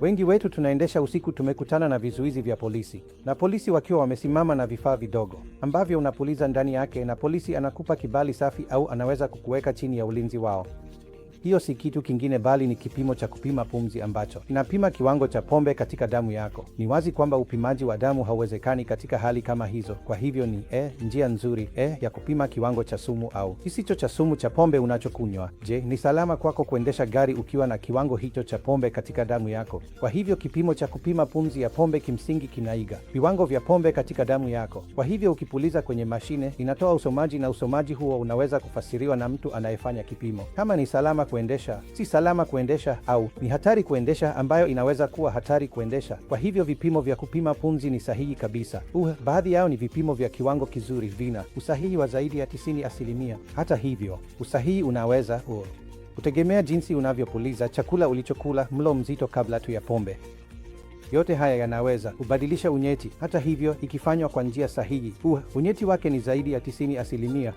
Wengi wetu tunaendesha usiku, tumekutana na vizuizi vya polisi na polisi wakiwa wamesimama na vifaa vidogo ambavyo unapuliza ndani yake, na polisi anakupa kibali safi au anaweza kukuweka chini ya ulinzi wao hiyo si kitu kingine bali ni kipimo cha kupima pumzi ambacho inapima kiwango cha pombe katika damu yako. Ni wazi kwamba upimaji wa damu hauwezekani katika hali kama hizo. Kwa hivyo ni e, njia nzuri e, ya kupima kiwango cha sumu au kisicho cha sumu cha pombe unachokunywa. Je, ni salama kwako kuendesha gari ukiwa na kiwango hicho cha pombe katika damu yako? Kwa hivyo kipimo cha kupima pumzi ya pombe kimsingi kinaiga viwango vya pombe katika damu yako. Kwa hivyo ukipuliza kwenye mashine inatoa usomaji, na usomaji huo unaweza kufasiriwa na mtu anayefanya kipimo kama ni salama kuendesha, si salama kuendesha, au ni hatari kuendesha, ambayo inaweza kuwa hatari kuendesha. Kwa hivyo vipimo vya kupima pumzi ni sahihi kabisa. Uh, baadhi yao ni vipimo vya kiwango kizuri, vina usahihi wa zaidi ya tisini asilimia. Hata hivyo, usahihi unaweza uh, kutegemea jinsi unavyopuliza, chakula ulichokula, mlo mzito kabla tu ya pombe yote haya yanaweza kubadilisha unyeti. Hata hivyo, ikifanywa kwa njia sahihi, uh, unyeti wake ni zaidi ya 90 asilimia.